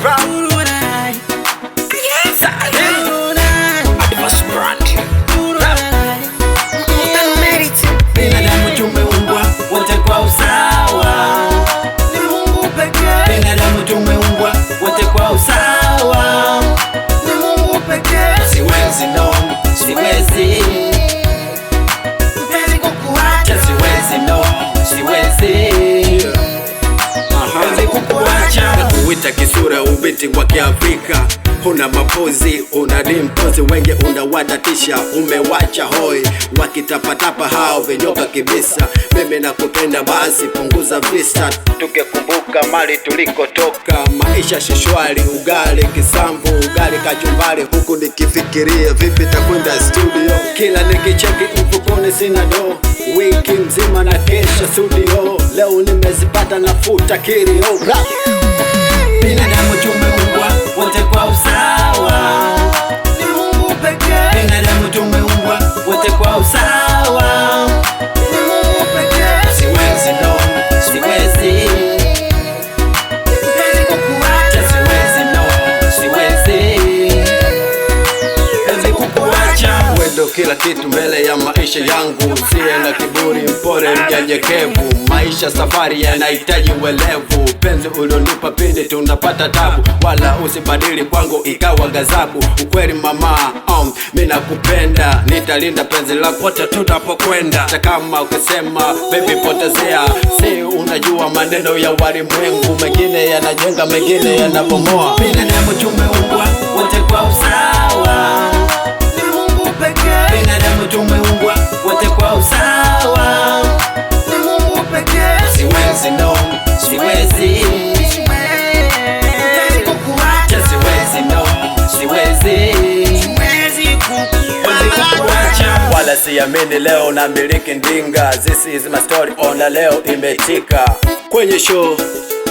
outra binti wa Kiafrika una mapozi una dimpozi, wengi unawatatisha, umewacha hoi wakitapatapa hao vinyoka kibisa. Mimi nakupenda basi punguza visa, tukikumbuka mali tulikotoka. Maisha shishwari, ugali kisambu, ugali kachumbari, huku nikifikiria vipi takwenda studio. Kila nikicheki mfukoni sina do, wiki mzima na kesha studio. Leo nimezipata nafuta kirio kila kitu mbele ya maisha yangu, siye na kiburi, mpore mnyenyekevu. Maisha safari yanahitaji uelevu, penzi ulionipa pindi tunapata tabu, wala usibadili kwangu ikawa gazabu. Ukweli mama, um, mi nakupenda, nitalinda penzi lako pote tunapokwenda, hata kama ukisema baby potezea. Si unajua maneno ya walimwengu, mengine yanajenga, mengine yanabomoa. Siamini leo na miliki ndinga, this is my story, ona leo imetika kwenye show.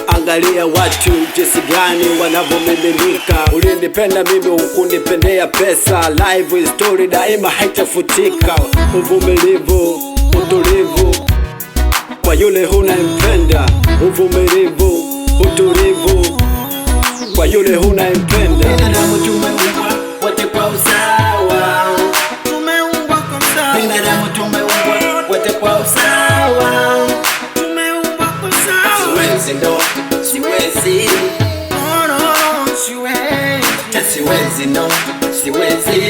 Angalia watu jinsi gani wanavyomiminika. Ulinipenda mimi, hukunipendea pesa. Live story daima haitafutika. Uvumilivu, utulivu kwa yule hunayempenda. Uvumilivu, utulivu kwa yule hunayempenda. siwezi ndo, siwezi no, no, no, siwezi siwezi ndo, siwezi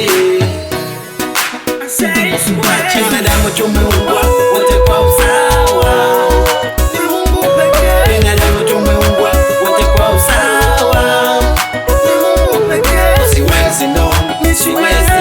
binadamu tumeumbwa wote kwa usawa Siwezi, no, siwezi